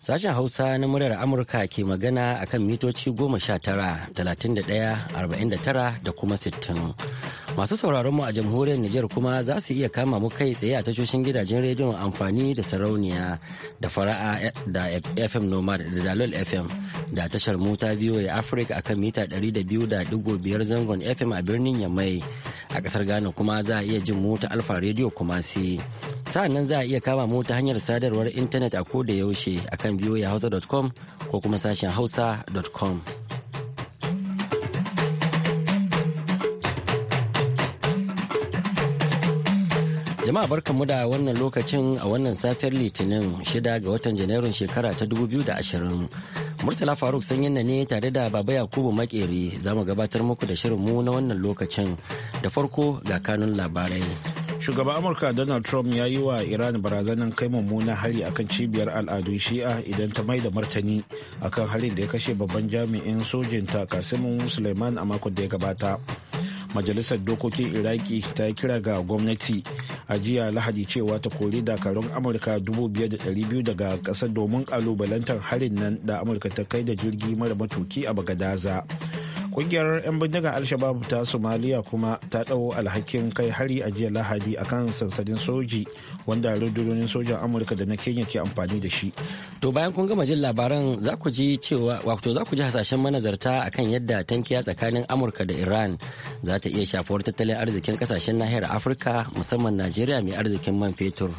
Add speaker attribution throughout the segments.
Speaker 1: Sashen Hausa na muryar Amurka ke magana akan kan mitoci sha tara talatin da arba'in da da tara kuma 60. Masu sauraron mu a jamhuriyar Nijar kuma za su iya kama mu kai tsaye a tashoshin gidajen rediyon amfani da sarauniya da fara'a da FM Nomad da Dalol FM da tashar mota VOA Africa akan mita 200.5 zangon FM a birnin Yamai. A kasar Ghana kuma za a iya jin mu ta Alfa Radio kuma sai Sa'annan za a iya kama mu ta hanyar sadarwar intanet a koda yaushe akan voahausa.com ko kuma sashen hausa.com. Jama'a barka mu da wannan lokacin a wannan safiyar Litinin shida ga watan Janairun shekara ta 2020. Murtala Faruk sanyin na ne tare da Baba Yakubu Makeri za mu gabatar muku da shirin mu na wannan lokacin. Da farko ga kanun labarai. Shugaban Amurka Donald Trump ya yi wa Iran
Speaker 2: barazanar kai mummuna hari akan cibiyar al'adun Shi'a idan ta mai da martani akan harin da ya kashe babban jami'in sojinta Kasimu Suleiman a makon da ya gabata. majalisar dokokin iraki ta yi kira ga gwamnati a jiya lahadi cewa ta kori dakarun amurka 5,200 daga ƙasar domin kalubalantar harin nan da amurka ta kai da jirgi mara matuki a bagadaza. kungiyar 'yan bindiga alshabab ta somaliya kuma ta ɗau alhakin kai hari a jiya lahadi a kan sansanin soji wanda rundunonin
Speaker 1: sojan amurka da na kenya ke amfani da shi to bayan kun gama jin labaran za ku ji cewa wato za ku ji hasashen manazarta akan yadda tankiya tsakanin amurka da iran za ta iya shafuwar tattalin arzikin kasashen nahiyar afirka musamman najeriya mai arzikin man fetur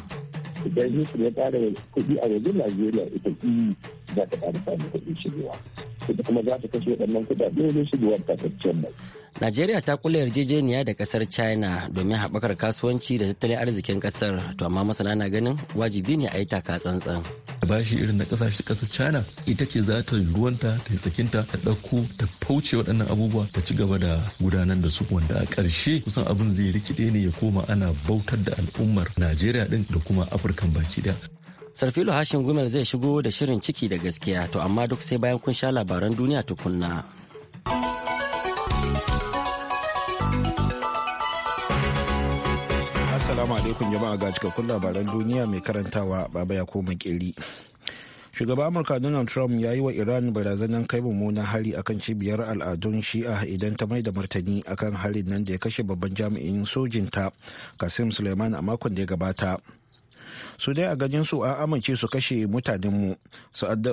Speaker 3: idan ya ƙara kuɗi a wajen najeriya ita za ta ƙara samun kuɗin shigewa kuma za ta kashe waɗannan kuɗaɗe su biyar takaccen mai.
Speaker 1: Najeriya ta kula yarjejeniya da ƙasar China domin haɓakar kasuwanci da tattalin arzikin ƙasar to amma masana na ganin
Speaker 4: wajibi ne a yi taka tsantsan. Bashi irin na kasashe kasar China ita ce za ta ruwanta ta yi tsakinta ta ɗauko ta fauce waɗannan abubuwa ta ci gaba da gudanar da su wanda a ƙarshe kusan abin zai rikide ne ya koma ana bautar da al'ummar Najeriya ɗin da kuma afirka baki ɗaya.
Speaker 1: Sarfilo Hashin Gumel zai shigo da shirin ciki da gaskiya to amma duk sai bayan kun sha labaran duniya tukunna.
Speaker 2: Assalamu alaikum jama'a ga cikakkun labaran duniya mai karantawa baba ya koma kiri. shugaba Amurka Donald Trump ya yi wa Iran barazanar kai mummunan hali akan cibiyar al'adun shi'a idan ta mai da martani akan halin nan da ya kashe babban jami'in sojinta Kasim Suleiman a makon da ya gabata. su dai a ganin su an amince su kashe mutanenmu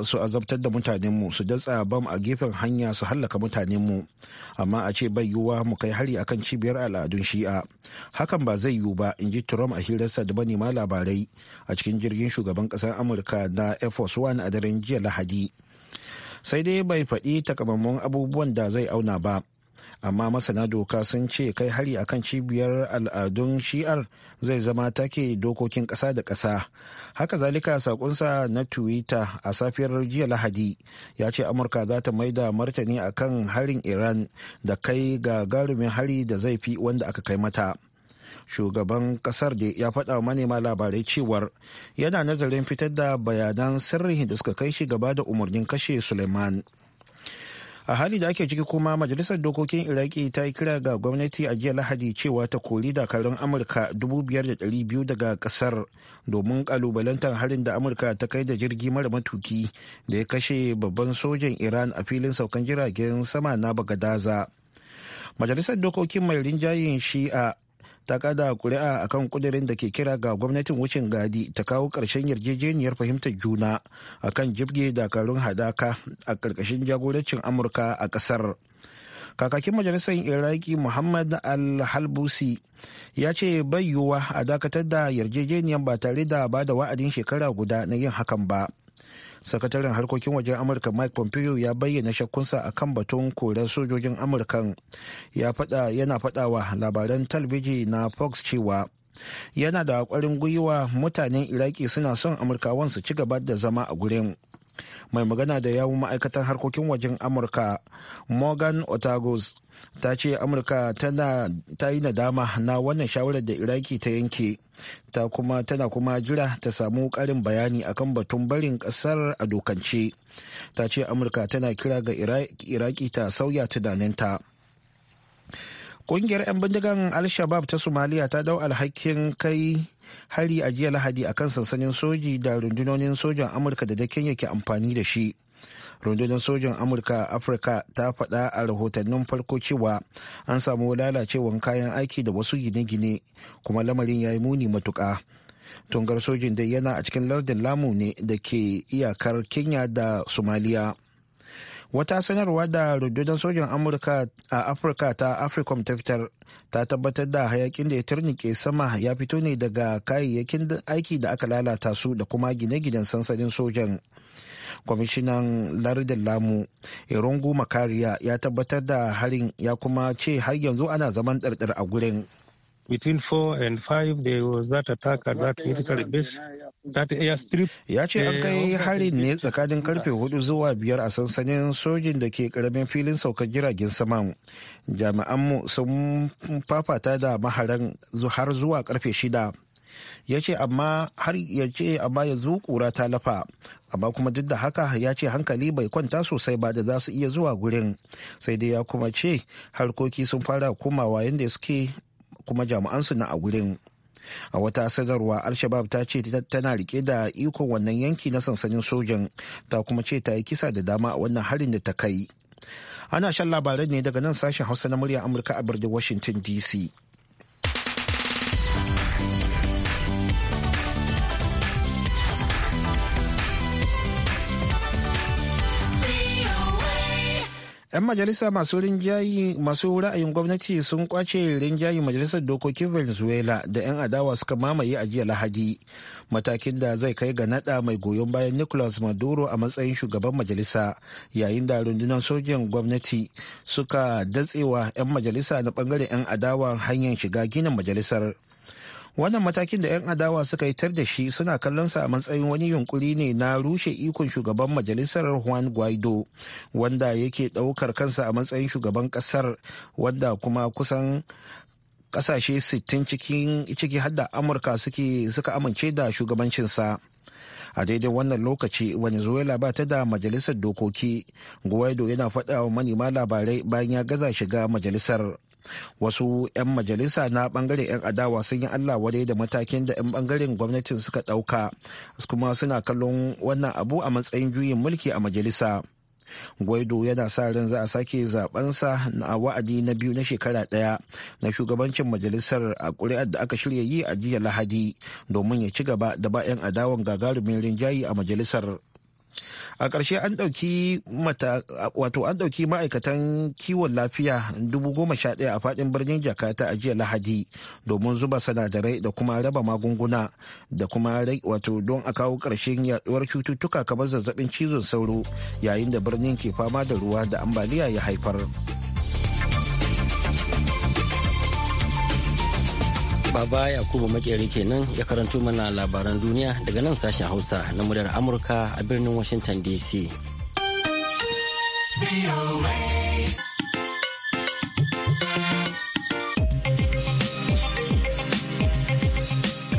Speaker 2: su azabtar da mutanenmu su datsa bam a gefen hanya su hallaka mutanenmu amma a ce bai yiwuwa mu kai hari akan cibiyar al'adun shi'a hakan ba zai yiwu ba in ji trump a hirarsa da manema labarai a cikin jirgin shugaban ƙasar amurka na air force one a daren jiya lahadi sai dai bai faɗi takamaiman abubuwan da zai auna ba amma masana doka sun ce kai hari akan cibiyar al'adun shi'ar zai zama take dokokin ƙasa da ƙasa haka zalika sakonsa na twitter a safiyar jiya lahadi ya ce amurka za ta maida martani akan harin iran da kai gagarumin hari da zai fi wanda aka kai mata shugaban kasar da ya faɗa manema labarai cewar yana nazarin fitar da bayanan sirri da suka kai shi gaba da umarnin kashe suleiman a hali da ake ciki kuma majalisar dokokin iraki ta yi kira ga gwamnati a jiya lahadi cewa ta kori dakarun amurka 5,200 daga kasar domin kalubalantar harin da amurka ta kai da jirgi mara matuki da ya kashe babban sojan iran a filin saukan jiragen sama na bagadaza majalisar dokokin mai rinjayen shi'a ta kada kuri'a akan kudirin da ke kira ga gwamnatin wucin gadi ta kawo ƙarshen yarjejeniyar fahimtar juna a kan jibge dakarun hadaka a ƙarƙashin jagorancin amurka a ƙasar kakakin majalisar iraki muhammad al-halbusi ya ce bai a dakatar da yarjejeniyar ba tare da ba da wa'adin shekara guda na yin hakan ba sakataren harkokin wajen amurka mike pompeo ya bayyana shakkunsa a kan batun korar sojojin amurkan ya fada yana fadawa labaran talbiji na fox cewa yana da kwarin gwiwa mutanen iraki suna son amurkawan su ci gaba da zama a gurin mai magana da yawun ma'aikatan harkokin wajen amurka morgan otagos ta ce amurka ta yi nadama na wannan shawarar da iraki ta yanke ta kuma tana kuma jira ta samu karin bayani akan batun barin kasar a dokance ta ce amurka tana kira ga iraki ta sauya tunaninta kungiyar 'yan bindigan al-shabab ta somaliya ta dau alhakin kai hari a jiya lahadi akan sansanin soji da rundunonin sojan amurka da da kenya ke amfani da shi rundunar sojan amurka a afirka ta faɗa a rahotannin farko cewa an samu lalacewan kayan aiki da wasu gine-gine kuma lamarin ya yi muni matuka tungar sojin dai yana a cikin lardin lamu ne da ke iyakar kenya da somaliya wata sanarwa da rundunar sojan amurka a afirka ta africom ta fitar ta tabbatar da hayakin da ya turnike sama ya fito ne daga kayayyakin aiki da aka lalata su da kuma gine-ginen sansanin sojan kwamishinan lardin lamu irungu makariya ya tabbatar da harin ya kuma ce har yanzu ana zaman ɗarɗar a gurin ya ce an eh, kai harin ne tsakanin karfe 4 zuwa 5 a sansanin sojin da ke karamin filin saukar jiragen saman jami'anmu sun fafata da maharan har zuwa karfe 6 ya ce amma har ya ce amma yanzu kura ta lafa amma kuma duk da haka ya ce hankali bai kwanta sosai ba da za su iya zuwa gurin sai dai ya kuma ce harkoki sun fara komawa yadda suke kuma jami'ansu na a gurin a wata sadarwa alshabab ta ce tana rike da ikon wannan yanki na sansanin sojan ta kuma ce ta yi kisa da dama a wannan harin da ta kai ana shan labarai ne daga nan sashen hausa na murya amurka a birnin washington dc 'Yan majalisa masu ra'ayin gwamnati sun kwace rinjayi majalisar dokokin Venezuela da 'yan adawa suka mamaye a jiya Lahadi. Matakin da zai kai ga nada mai goyon bayan Nicolas Maduro a matsayin shugaban majalisa yayin da rundunar sojan gwamnati suka datsewa 'yan majalisa na bangare 'yan adawa hanyar shiga ginin majalisar. wannan matakin da 'yan adawa suka yi tar da shi suna kallon sa a matsayin wani yunkuri ne na rushe ikon shugaban majalisar juan guaido wanda yake ɗaukar kansa a matsayin shugaban kasar wanda kuma kusan ƙasashe 60 cikin ciki hadda amurka suka amince da shugabancinsa a daidai wannan lokaci venezuela ba ta da majalisar dokoki guaido yana faɗa wa manema labarai bayan ya gaza shiga majalisar wasu 'yan majalisa na bangaren 'yan adawa sun yi allah wadai da matakin da 'yan bangaren gwamnatin suka ɗauka kuma suna kallon wannan abu a matsayin juyin mulki a majalisa gwaido yana sa ran za a sake zabensa a wa'adi na biyu na shekara ɗaya na shugabancin majalisar a ƙuri'ar da aka shirya yi a jiya Lahadi domin ya ci gaba da ba 'yan adawan gagarumin rinjayi a majalisar. a ƙarshe an ɗauki wato an ɗauki ma'aikatan kiwon lafiya dubu goma sha ɗaya a faɗin birnin jakarta a jiya lahadi domin zuba sinadarai da kuma raba magunguna da kuma wato don a kawo ƙarshen yaɗuwar cututtuka kamar zazzabin cizon sauro yayin da birnin ke fama da ruwa da ambaliya ya haifar.
Speaker 1: Baba Yakubu makeri kenan ya karanto mana labaran duniya daga nan sashen Hausa na muryar Amurka a birnin Washington DC.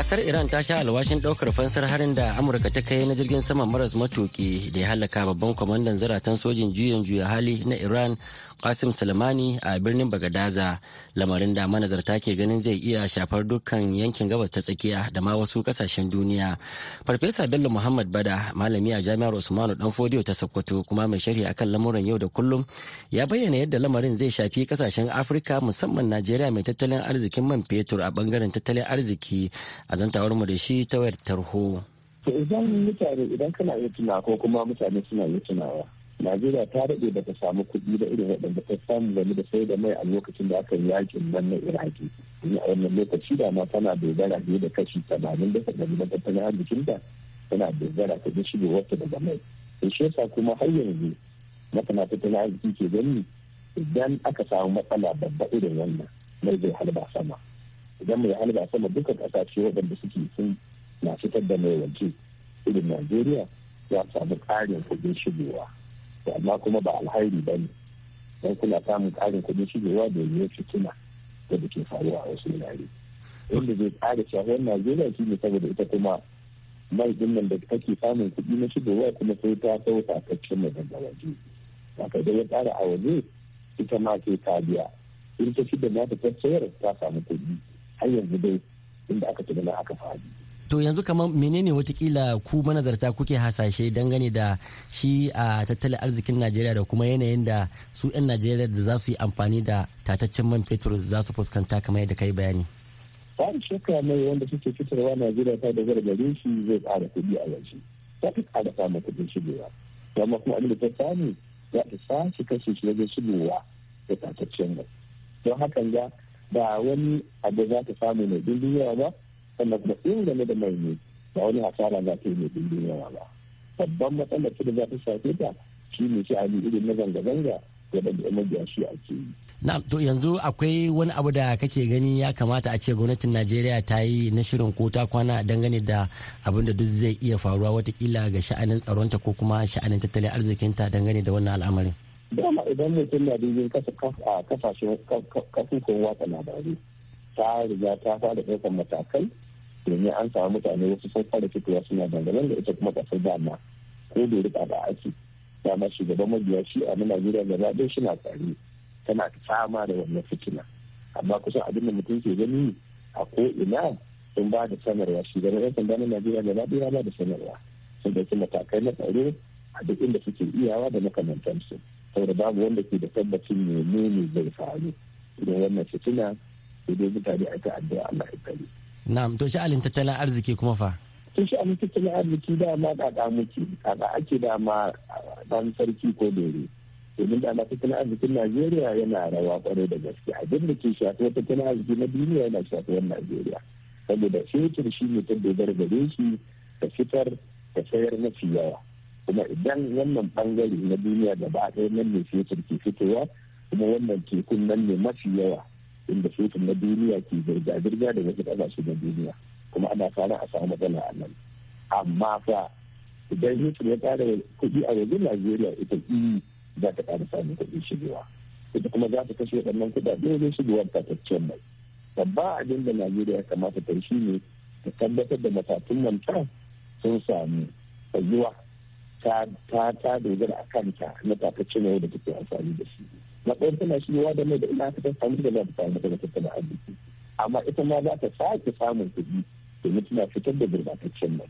Speaker 1: Kasar Iran ta sha alwashin ɗaukar fansar harin da Amurka ta kai na jirgin saman maras matuki da ya halaka babban kwamandan zaratan sojin juyin juya hali na Iran Qasim Soleimani a birnin Bagadaza lamarin da manazarta ke ganin zai iya shafar dukkan yankin gabas ta tsakiya da ma wasu kasashen duniya. Farfesa Bello Muhammad Bada malami a Jami'ar Usmanu dan fodiyo ta Sokoto kuma mai sharhi akan lamuran yau da kullum ya bayyana yadda lamarin zai shafi kasashen Afirka musamman Najeriya mai tattalin arzikin man fetur a bangaren tattalin arziki a zantawar mu da shi ta wayar tarho.
Speaker 3: to idan mutane idan kana yin tuna ko kuma mutane suna yin tunawa najeriya ta daɗe da ta samu kuɗi da irin waɗanda ta samu game da sai da mai a lokacin da aka yi yakin nan na iraki Ni a wannan lokaci da ma tana dogara ne da kashi tamanin da ɗari na tattalin ta tana dogara ta da wata daga mai Ta shi yasa kuma har yanzu na tana tattalin arziki ke gani idan aka samu matsala babba irin wannan mai zai halba sama idan mai halba sama duka kasashe waɗanda suke sun na fitar da mai waje irin najeriya ya samu ƙarin kudin shigowa da amma kuma ba alhairi ba ne don kuna samun ƙarin kuɗin shigowa da ya fitina da da ke faruwa a wasu wurare wanda zai ƙara shahuwar najeriya shi ne saboda ita kuma mai ɗin da take samun kuɗi na shigowa kuma sai ta sau sakacce mai daga waje haka da ya ƙara a waje ita ma sai ta biya in ta da na ta ta samu kuɗi har yanzu dai inda aka ci gaba aka fadi.
Speaker 1: To yanzu kamar menene watakila ku manazarta kuke hasashe dangane da shi a tattalin arzikin Najeriya da kuma yanayin da su 'yan Najeriya da za su yi amfani da tataccen man fetur za su fuskanta kamar yadda kai bayani.
Speaker 3: Tsarin shekara mai wanda suke fitarwa Najeriya ta da gargare shi zai ƙara kuɗi a yanzu. ta fi ƙara samun kuɗin shigowa. Amma kuma abin da ta samu za ta sace kashe shi wajen shigowa da tataccen mai. Don hakan ga ba wani abu za ta samu mai dindin yawa ba sannan kuma in game da mai ne ba wani hasara za ta yi mai dindin yawa ba babban matsalar da za ta shafe ta shi ne shi abin irin na zanga-zanga ɗan yan mabiya shi ake yi.
Speaker 1: na to yanzu akwai wani abu da kake gani ya kamata a ce gwamnatin Najeriya ta yi na shirin ko ta kwana dangane da abin da duk zai iya faruwa watakila ga sha'anin tsaronta ko kuma sha'anin tattalin arzikinta dangane da wannan al'amarin.
Speaker 3: idan mutum na dubin kasa a kasashen kasusun watsa labarai ta riga ta fara ɗaukar matakai domin an samu mutane wasu sun fara fitowa suna dangane da ita kuma kasar dama ko da rika da ake dama shugaban mabiya shi a na gida da zaɓe shi na tsari tana fama da wannan fitina amma kusan abin da mutum ke gani a ko ina sun ba da sanarwa shugaban yan sanda na najeriya zaɓe ya ba da sanarwa sun ɗauki matakai na tsaro a duk inda suke iyawa da makamantansu saboda babu wanda ke da tabbacin menene zai faru idan wannan fitina sai dai mutane a ta addu'a Allah ya kare.
Speaker 1: Na'am to sha'alin tattalin arziki kuma fa?
Speaker 3: To sha'alin tattalin arziki dama kaka muke kaka ake ma dan sarki ko dore. Domin dama tattalin arzikin Najeriya yana rawa kwarai da gaske abin da ke shafi tattalin arziki na duniya yana shafuwar Najeriya. Saboda fetur shi ne ta dogara gare shi ta fitar da sayar mafi yawa. kuma idan wannan bangare na duniya da a ɗaya nan ne fetur ke fitowa kuma wannan tekun nan ne mafi yawa inda fetur na duniya ke zirga-zirga da wasu ƙasashe na duniya kuma ana fara a samu matsala a nan amma fa idan fetur ya ƙara kuɗi a wajen najeriya ita iyi za ta ƙara samun kuɗi shigewa ita kuma za ta kashe waɗannan kuɗaɗe wajen shigewar tataccen mai babba abin da najeriya ya kamata ta yi ne ta tabbatar da matatun manta sun samu tsayuwa ta ta dogara a kanta na tafacin yau da take amfani da shi na ɗaya tana shigowa da mai da ina ta samu da za ta samu daga tattalin arziki amma ita ma za ta sake samun kuɗi domin tana fitar da gurbataccen mai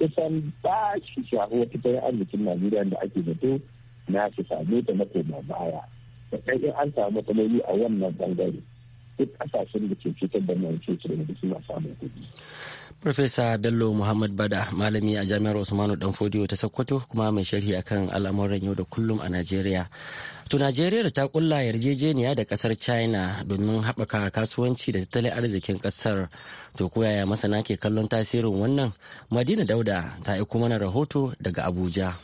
Speaker 3: kusan ba shi shaho tattalin arzikin najeriya da ake zato na shi same ta na koma baya da ɗaya an samu matsaloli a wannan bangare duk ƙasashen da ke fitar da mai ke na da na samun kuɗi
Speaker 1: Profesa Bello Muhammad Bada malami a Jami'ar Usmanu Danfodiyo ta Sokoto kuma mai sharhi akan al'amuran yau da kullum a Najeriya. To Najeriya ta kulla yarjejeniya da kasar China domin haɓaka kasuwanci da tattalin arzikin kasar. To ko yaya masana ke kallon tasirin wannan? Madina Dauda ta yi kuma na rahoto daga Abuja.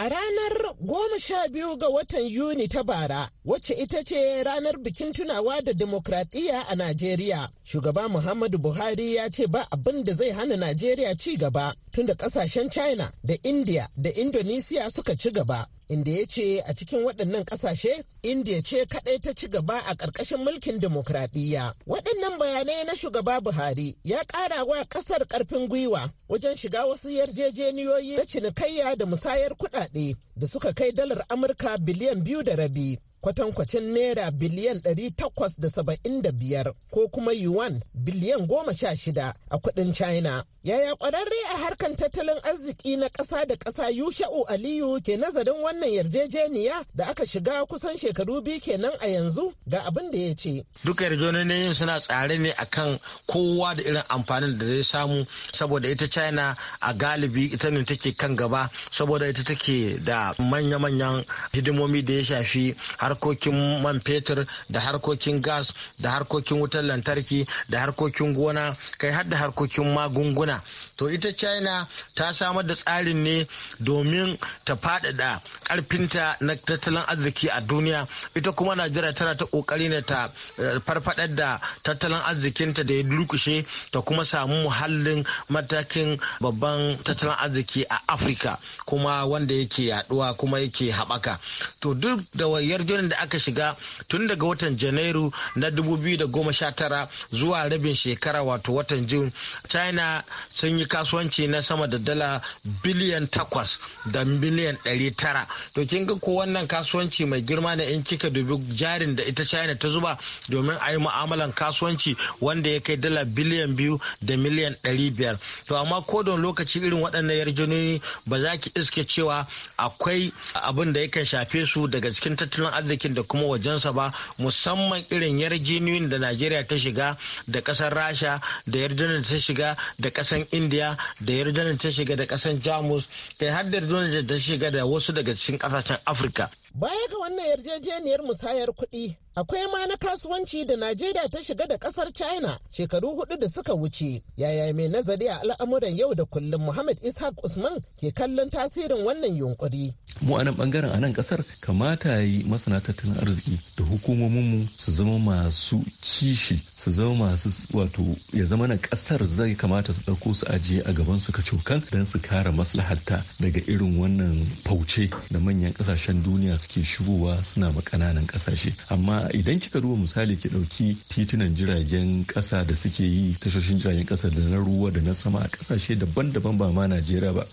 Speaker 5: A ranar goma sha biyu ga watan Yuni ta bara, wacce ita ce ranar bikin tunawa da demokradiyya a Najeriya, shugaba Muhammadu Buhari ya ce ba abin da zai hana Najeriya ci gaba da kasashen China da India da Indonesia suka ci gaba. Inda ya ce a cikin waɗannan ƙasashe, India ce kaɗai ta ci gaba a ƙarƙashin mulkin demokradiyya. Waɗannan bayanai na shugaba Buhari ya ƙara wa ƙasar ƙarfin gwiwa wajen shiga wasu yarjejeniyoyi na cinikayya da musayar kuɗaɗe da suka kai dalar Amurka biliyan biyu da rabi. kwatankwacin naira biliyan 875 ko kuma yuan biliyan 16 a kudin china yaya kwararre a harkan tattalin arziki na ƙasa da ƙasa yusha'u aliyu ke nazarin wannan yarjejeniya da aka shiga kusan shekaru biyu kenan a yanzu ga abin da ya ce
Speaker 6: duka yarjejeniyoyin suna tsare ne akan kowa da irin amfanin da zai samu saboda ita china a galibi ita ne take kan gaba saboda ita take da manya-manyan hidimomi da ya shafi harkokin man fetur da harkokin gas da harkokin wutar lantarki da harkokin gona kai har da harkokin magunguna to ita china ta samar da tsarin ne domin ta faɗaɗa karfinta na tattalin arziki a duniya ita kuma najeriya tana ta ƙoƙari ne ta eh, farfaɗar da tattalin arzikinta da ya lukushe ta kuma samu muhallin matakin babban tattalin arziki a afirka kuma wanda yake yaɗuwa kuma yake haɓaka to duk da wayar matsalolin da aka shiga tun daga watan janairu na 2019 zuwa rabin shekara wato watan jun china sun yi kasuwanci na sama da dala biliyan takwas da miliyan ɗari tara to kin ga ko wannan kasuwanci mai girma na in kika dubi jarin da ita china ta zuba domin a yi mu'amalan kasuwanci wanda ya kai dala biliyan biyu da miliyan ɗari biyar to amma ko don lokaci irin waɗannan yarjejeniyoyi ba za ki iske cewa akwai abin da kan shafe su daga cikin tattalin arziki arzikin da kuma wajensa ba musamman irin yarjejeniyoyin da najeriya ta shiga da kasar rasha da yarjejeniyar ta shiga da kasar indiya da yarjejeniyar ta shiga da kasar jamus kai har da da ta shiga da wasu daga cikin kasashen afirka
Speaker 5: Baya ga wannan yarjejeniyar musayar kuɗi, akwai ma na kasuwanci da Najeriya ta shiga da ƙasar China shekaru hudu da suka wuce. Yaya mai nazari a al'amuran yau da kullum Muhammad Ishaq Usman ke kallon tasirin wannan yunkuri.
Speaker 4: Mu a nan bangaren a nan ƙasar kamata yi masana tattalin arziki da hukumominmu su zama masu kishi su zama masu wato ya zama na ƙasar zai kamata su ɗauko su ajiye a gaban su kacokan don su kare maslahatta daga irin wannan fauce da manyan ƙasashen duniya suke shigowa suna makananan kasashe ƙasashe amma idan kika duba misali ki ɗauki titunan jiragen ƙasa da suke yi tashoshin jiragen ƙasa da na ruwa da na sama a kasashe daban-daban ba ma Najeriya ba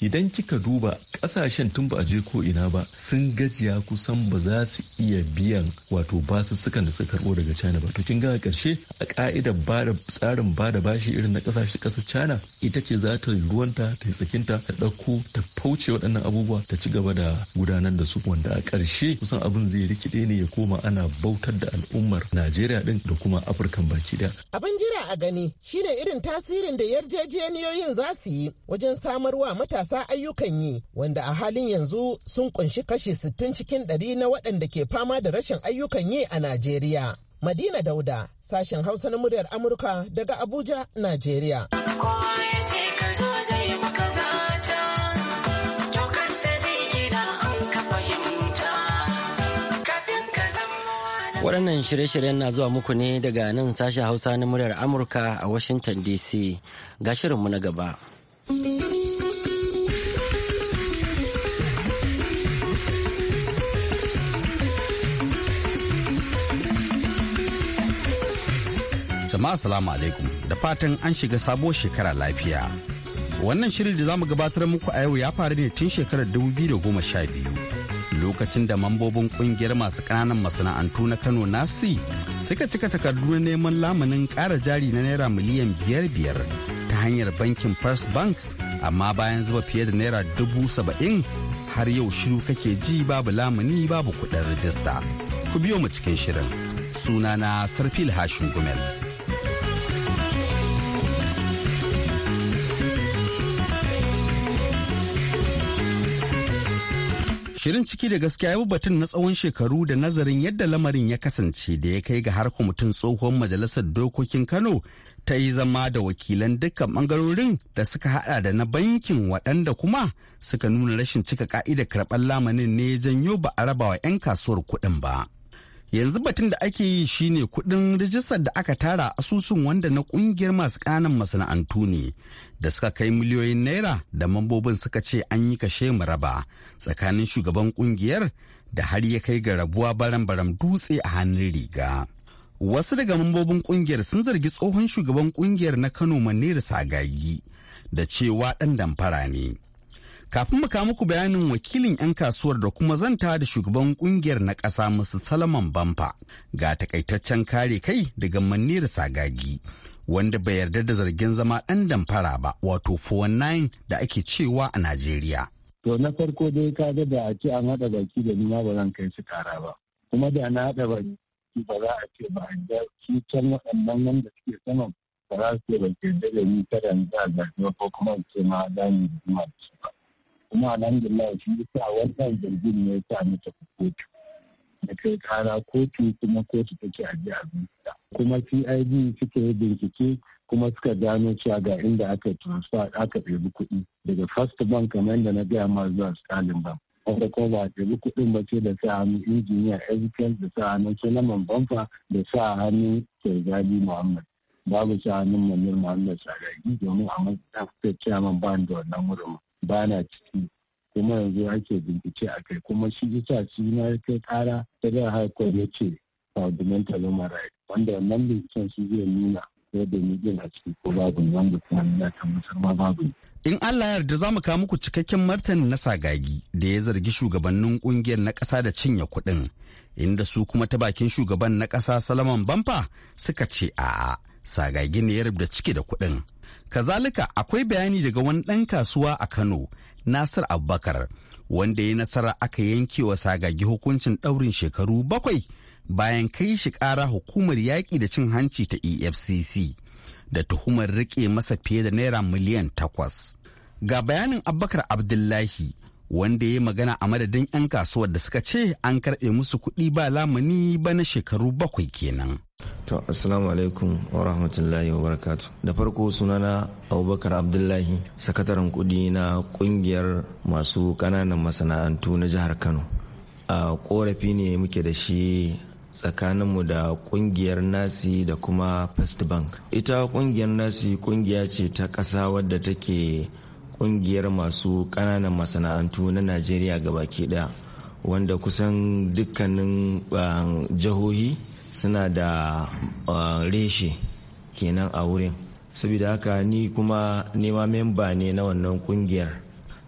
Speaker 4: idan kika duba ƙasashen tun ba a je ko ina ba sun gajiya kusan ba za su iya biyan wato basussukan da suka karɓo daga China ba to kin ga karshe a ka'ida ba da tsarin ba da bashi irin na kasashe kasa China ita ce za ta ruwanta ta yi tsakinta ta ɗauko ta fauce waɗannan abubuwa ta ci gaba da gudanar da su wanda a ƙarshe kusan abin zai rikide ne ya koma ana bautar da al'ummar Najeriya din da kuma afirka baki daya.
Speaker 5: Abin jira a gani shine irin tasirin da yarjejeniyoyin za su yi wajen samarwa matasa ayyukan yi wanda a halin yanzu sun kunshi kashi sittin cikin ɗari na waɗanda ke fama da rashin ayyukan yi a Najeriya. Madina Dauda, sashen Hausa na muryar Amurka daga Abuja, Najeriya.
Speaker 1: Waɗannan shirye-shiryen na zuwa muku ne daga nan sashen Hausa na muryar Amurka a Washington DC. Ga shirinmu na gaba.
Speaker 7: Jama'a salamu alaikum da fatan an shiga sabuwar shekara lafiya. Wannan shirin da za mu gabatar muku a yau ya faru ne tun shekarar 2012. lokacin da mambobin kungiyar masu kananan masana'antu na kano nasi suka cika takardu na neman lamunin ƙara jari na naira miliyan biyar biyar ta hanyar bankin first bank amma bayan zuba fiye da naira dubu saba'in har yau shiru kake ji babu lamuni babu kudin rajista ku biyo mu cikin shirin sunana sarfil hashin gumel. Shirin ciki da gaskiya ya batun na tsawon shekaru da nazarin yadda lamarin ya kasance da ya kai ga har kwamitin tsohon majalisar dokokin Kano ta yi zama da wakilan dukkan bangarorin da suka hada da na bankin waɗanda kuma suka nuna rashin cika ka'idar karɓar lamanin ne ya janyo ba a raba wa 'yan kasuwar kuɗin ba. yanzu batun da ake yi shine kudin rijistar da aka tara asusun wanda na kungiyar masu kananan masana'antu ne da suka kai miliyoyin naira da mambobin suka ce an yi kashe mu raba tsakanin shugaban kungiyar da har ya kai ga rabuwa baram-baram dutse a hannun riga wasu daga mambobin kungiyar sun zargi tsohon shugaban kungiyar na kano manir sagagi da cewa ɗan damfara ne Kafin mu kawo muku bayanin wakilin 'yan kasuwar da kuma zanta da shugaban kungiyar na ƙasa musu Salaman Bamfa ga takaitaccen kare kai daga Manira Sagagi wanda bai yarda da zargin zama ɗan damfara ba wato 419 da ake
Speaker 8: cewa a Najeriya. To na farko dai ka ga da a ce an haɗa baki da nima ba zan kai su kara ba. Kuma da na haɗa baki ba za a ce ba a yarda cutar can waɗannan wanda suke saman ba za su ce ba ke da ni kada ni za a zaɓi ko kuma ce ma da ni da ba. kuma alhamdulillah shi yasa wannan zargin ne ya sa mata kotu da kai kara kotu kuma kotu take a jiya kuma cid suke bincike kuma suka gano cewa ga inda aka transfer aka ɗebi kuɗi daga first bank kamar da na gaya ma zuwa stalin bank wanda kuma ba a ɗebi kuɗin ba ce da sa hannun injiniya ezekiel da sa hannun solomon bamfa da sa hannun shaizabi muhammad babu sa hannun manir muhammad sarari domin a matsayin chairman ban da wannan murumin ba na ciki kuma yanzu ake bincike a kai kuma shi ita shi na ya kai kara ta da harkar ya ce fundamental human rights wanda wannan binciken su zai nuna ko da ni din a ciki ko babu wanda kuma na tabbatar ma babu in Allah yarda
Speaker 7: zamu mu kawo muku cikakken martani na sagagi da ya zargi shugabannin kungiyar na ƙasa da cinye kuɗin inda su kuma ta bakin shugaban na ƙasa Salaman Bamfa suka ce a'a. sagaginiyar da ciki da kuɗin. Kazalika akwai bayani daga wani ɗan kasuwa a Kano, Nasir Abubakar, wanda ya nasara aka yanke wa sagagi hukuncin ɗaurin shekaru bakwai bayan kai shi ƙara hukumar yaƙi da cin hanci ta EFCC da tuhumar riƙe masa fiye da naira miliyan takwas. Ga bayanin Abubakar Abdullahi, wanda ya yi magana a madadin 'yan kasuwar da suka ce an karɓe musu kuɗi ba lamuni ba na shekaru bakwai kenan.
Speaker 9: To, Assalamu alaikum wa rahmatullahi wa barakatu. Da farko sunana Abubakar Abdullahi, sakataren kuɗi na ƙungiyar masu ƙananan masana'antu na jihar Kano. A ƙorafi ne muke da shi tsakaninmu da kungiyar nasi da kuma first bank ita kungiyar nasi kungiya ce ta ƙasa wadda take kungiyar masu kananan masana'antu na najeriya baki daya wanda kusan dukkanin um, jihohi suna da uh, reshe kenan a wurin saboda haka ni kuma nema memba ne na wannan kungiyar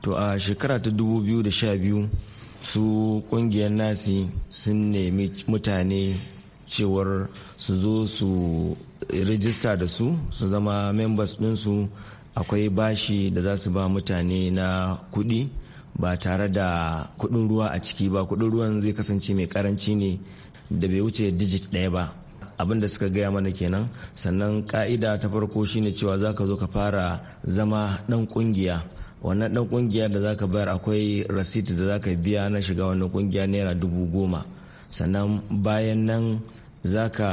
Speaker 9: to a shekara ta 2012 su kungiyar nasi sun nemi mutane cewar su zo su rijista da su su zama members ɗinsu akwai bashi da za su ba mutane na kuɗi ba tare da kuɗin ruwa a ciki ba kuɗin ruwan zai kasance mai karanci ne da bai wuce digit ɗaya ba abin da suka gaya mana kenan sannan ka'ida ta farko shine cewa za ka zo ka fara zama ɗan ƙungiya wannan ɗan ƙungiya da za ka bayar akwai rasit da za ka biya na shiga wannan ƙungiya naira dubu goma sannan bayan nan za ka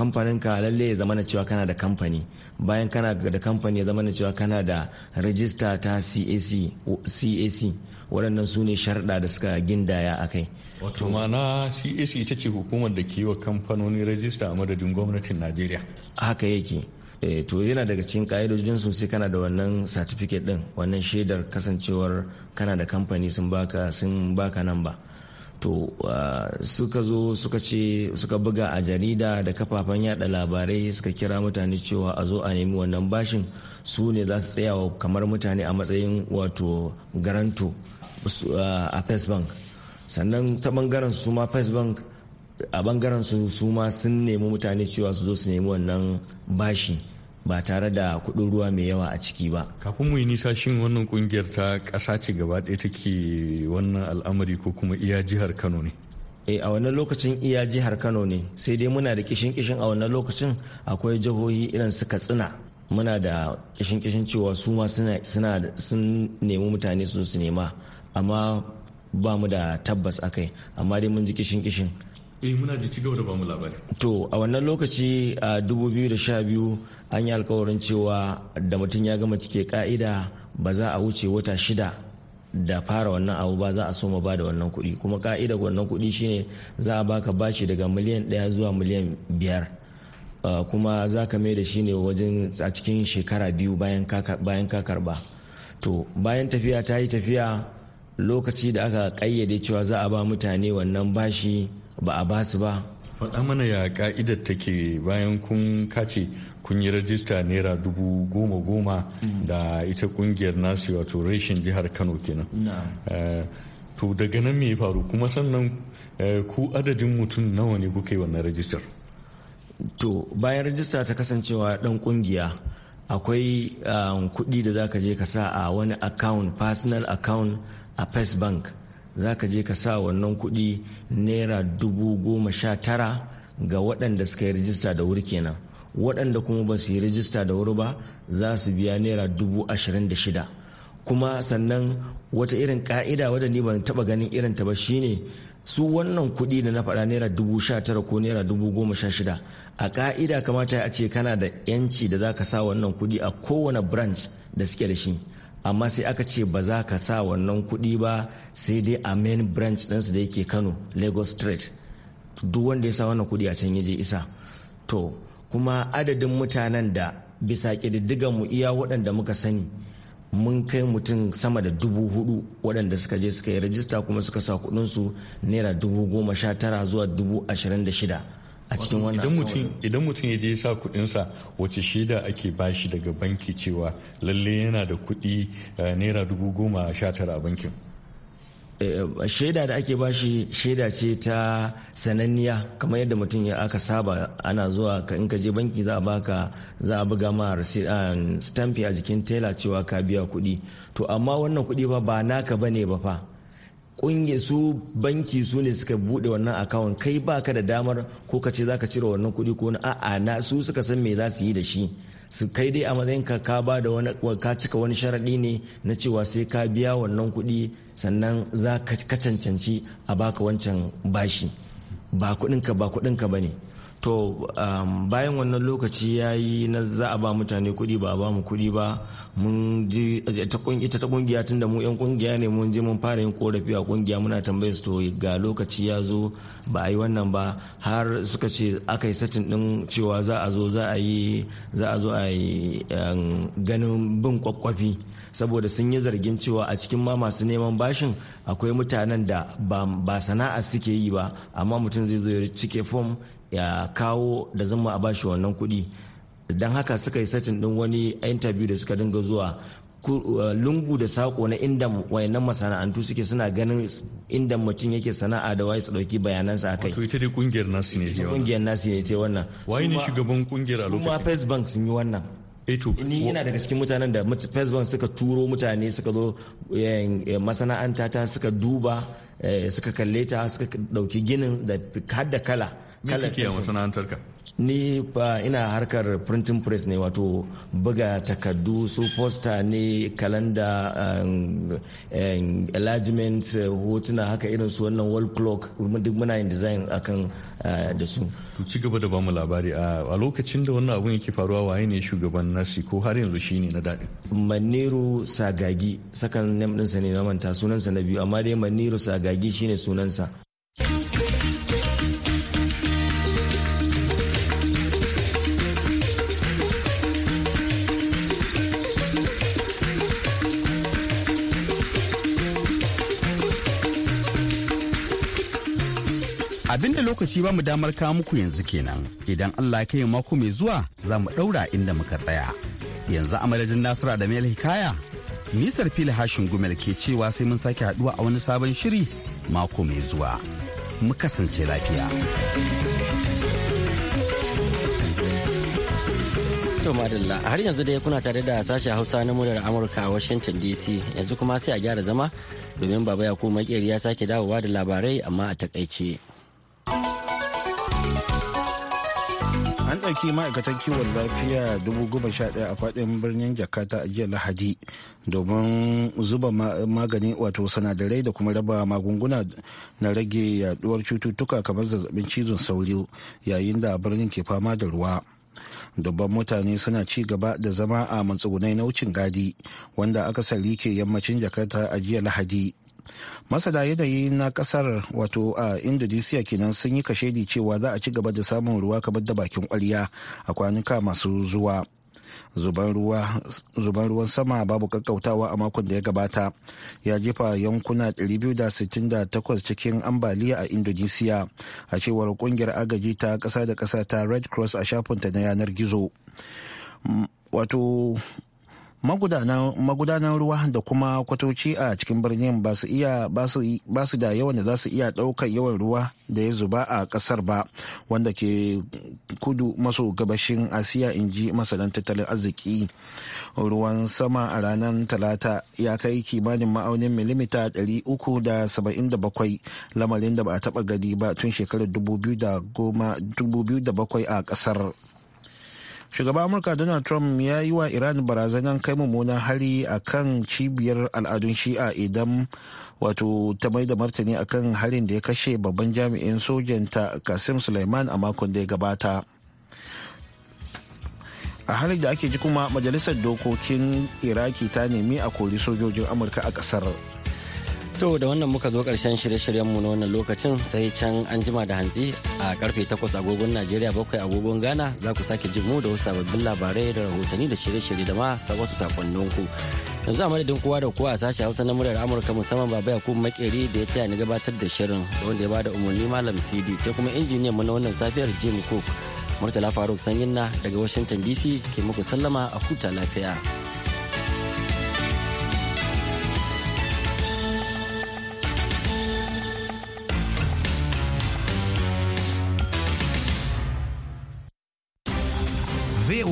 Speaker 9: kamfanin ka lalle ya zama cewa kana da kamfani bayan kana da kamfani ya zama cewa kana da rajista ta cac cac waɗannan su ne sharɗa da suka gindaya a kai
Speaker 10: wato mana cac ita ce hukumar da ke wa kamfanoni rajista a madadin gwamnatin najeriya haka yake eh, to yana daga cikin ka'idojin sun sai kana da
Speaker 9: wannan satifiket din wannan shaidar kasancewar kana da kamfani sun sun baka nan ba to uh, suka zo suka ce suka buga a jarida da kafafen yada labarai suka kira mutane cewa a zo a nemi wannan bashin su ne za su tsayawa kamar mutane a matsayin wato garanto uh, a first bank sannan ta bangaren su ma first bank a bangaren su ma sun nemi mutane cewa su zo su nemi wannan bashin. ba tare da kuɗin ruwa mai yawa a ciki
Speaker 10: ba. Kafin mu yi nisa shin wannan kungiyar ta kasa ce gaba ɗaya take wannan al'amari ko kuma iya jihar Kano ne?
Speaker 9: E a wannan lokacin iya jihar Kano ne sai dai muna da kishin kishin a wannan lokacin akwai jihohi irin su Katsina muna da kishin kishin cewa su ma sun nemi mutane su su nema amma ba mu da tabbas akai amma dai mun ji kishin kishin.
Speaker 10: Eh muna da cigaba da ba mu labari.
Speaker 9: To a wannan lokaci a 2012 an yi alkawarin cewa da mutum ya gama cike ka'ida ba za a wuce wata shida da fara wannan abu ba za a soma ba da wannan kuɗi kuma ka'ida wannan kuɗi shine za a baka bashi daga miliyan ɗaya zuwa miliyan biyar ah, kuma za ka mai da shi ne wajen a cikin shekara biyu bayan ka karba to bayan tafiya ta yi tafiya lokaci da aka ƙayyade cewa za a ba mutane wannan bashi ba a basu ba
Speaker 10: faɗa mana ya ka'idar take bayan kun kace kun yi rajista naira dubu goma goma da ita kungiyar nasu wato reshen jihar kano kenan eh, to daga nan me faru kuma sannan eh, ku adadin mutum nawa ne kuka yi wannan rajistar to bayan rajista ta kasancewa ɗan ƙungiya akwai um, kuɗi
Speaker 9: da za ka je ka sa a wani account personal account a first bank za ka je ka sa wannan kuɗi naira dubu goma sha tara ga waɗanda suka yi rijista da wuri kenan waɗanda kuma ba su yi rijista da wuri ba za su biya naira dubu ashirin da shida kuma sannan wata irin ka'ida wadda ni ban taɓa ganin irin ta ba shine su wannan kuɗi da na faɗa naira dubu sha tara ko naira dubu goma sha shida a ka'ida kamata a ce kana da yanci da za ka sa wannan kuɗi a kowane branch da suke da shi amma sai aka ce ba za ka sa wannan kuɗi ba sai dai a main branch ɗinsu da yake kano lagos street duk wanda ya sa wannan kuɗi a can ya je isa to kuma adadin mutanen da bisa ƙididdigan mu iya waɗanda muka sani mun kai mutum sama da dubu hudu waɗanda suka je suka yi rajista kuma suka sa kuɗinsu naira dubu goma sha tara zuwa dubu ashirin da shida a cikin wannan idan mutum
Speaker 10: idan mutum ya je sa kudinsa wace shaida ake bashi daga banki cewa lalle yana da kudi eh, naira dubu goma sha tara a bankin eh, shaida
Speaker 9: da ake bashi shaida ce ta sananniya kamar yadda mutum ya aka saba ana zuwa ka in ka je banki za a baka za a buga ma eh, stamp a jikin tela cewa ka biya kuɗi to amma wannan kuɗi ba ba naka bane ba fa kunye su banki su ne suka bude wannan akawun kai baka da damar ko ka ce zaka cire wannan kuɗi ko a'a na su suka san me za su yi da shi su kai dai a matsayin ka ka ba da wani ka cika wani sharaɗi ne na cewa sai ka biya wannan kuɗi sannan za ka cancanci a baka wancan bashi ba kuɗinka ba kuɗinka ba ne to um, bayan wannan lokaci ya yi na za a ba mutane kuɗi ba a ba mu kuɗi ba mun ji ta kungiya tunda mu yan kungiya ne mun je mun fara yin korafi a kungiya muna tambayar su to ga lokaci ya zo ba a yi wannan ba har suka ce aka yi satin din cewa za a zo za a yi a yi um, ganin bin kwakwafi saboda sun yi zargin cewa a cikin ma masu neman bashin akwai mutanen da ba sana'a suke yi ba amma mutum zai zo ya cike fom ya kawo da zama a bashi wannan kuɗi don haka suka yi satin ɗin wani interview da suka dinga zuwa eh, lungu da sako na inda wayannan masana'antu suke suna ganin inda mutum yake sana'a da waye su dauki bayanansa a kai. Wato ita dai kungiyar nasu ne ce Kungiyar nasu ne ce wannan. Waye ne shugaban kungiyar a lokacin? Suma First Bank sun yi wannan. Eh Ni yana daga cikin mutanen da First Bank suka turo mutane suka zo eh, masana'anta ta suka duba suka kalle ta suka dauki ginin da har da kala.
Speaker 10: me kake a
Speaker 9: ni ba ina harkar printing press ne wato buga takardu su poster ne kalanda um, um, enlargement hotuna haka irin su wannan wall clock duk muna yin design akan
Speaker 10: uh, da su to ci gaba da ba mu labari a lokacin da wannan abun yake faruwa waye ne shugaban nasi ko har yanzu shine na daɗi
Speaker 9: maniru sagagi sakan din ɗinsa ne na manta sunansa na biyu amma dai maniru sagagi shine sunansa
Speaker 7: da lokaci ba mu damar kawo muku yanzu kenan idan allah kai mako mai zuwa za mu ɗaura inda muka tsaya yanzu a madadin nasira da mai hikaya nisar fili hashin gumel ke cewa sai mun sake haɗuwa a wani sabon shiri mako mai zuwa mu kasance lafiya
Speaker 1: to madalla har yanzu dai kuna tare da sashen hausa na murar amurka a washington dc yanzu kuma sai a gyara zama domin baba yakubu makeri ya sake dawowa da labarai amma a takaice.
Speaker 2: ɗauki ma'aikatan kiwon lafiya 2011 a faɗin birnin jakarta a jiya lahadi domin zuba magani wato sanadarai da kuma raba magunguna na rage yaduwar cututtuka kamar zazzabin cizon sauri yayin da birnin ke fama da ruwa dubban mutane suna ci gaba da zama a matsugunai na wucin gadi wanda akasari ke yammacin jakarta a jiya lahadi masana yanayi na kasar wato a indonesia kenan sun yi kashedi cewa za a ci gaba da samun ruwa kamar da bakin kwarya a kwanuka masu zuwa zuban ruwan sama babu kakkautawa a makon da ya gabata ya jefa yankuna 268 cikin ambaliya a indonesia a cewar kungiyar agaji ta kasa da kasa ta red cross a shafinta na yanar gizo wato magudanan ruwa da kuma kwatoci a cikin birnin ba su da yawan da za su iya ɗaukar yawan ruwa da ya zuba a kasar ba wanda ke kudu maso gabashin asiya in ji masanan tattalin arziki ruwan sama a ranar talata ya kai kimanin ma'aunin milimita 377 lamarin da ba a taba gadi ba tun shekarar 2007 a kasar. shugaban amurka donald trump ya yi wa iran barazanar kai mummunan hari a kan cibiyar al'adun shi'a idan wato ta mai da martani a kan harin da ya kashe babban jami'in sojanta kasim suleiman a makon da ya gabata a halin da ake ji kuma majalisar dokokin iraki
Speaker 1: ta nemi a kori sojojin amurka a kasar To da wannan muka zo karshen shirye-shiryenmu na wannan lokacin sai can an jima da hantsi a karfe 8 agogon Najeriya bakwai agogon Ghana za ku sake jin mu da wasu sababbin labarai da rahotanni da shirye-shirye da ma wasu ku Yanzu a madadin kowa da kowa a sashen Hausa na muryar Amurka musamman Baba Yakub Makeri da ya taya ni gabatar da shirin da wanda ya bada umarni Malam CD sai kuma injiniyan mu na wannan safiyar Jim Cook. Murtala Faruk Sanyin daga Washington DC ke muku sallama a huta lafiya.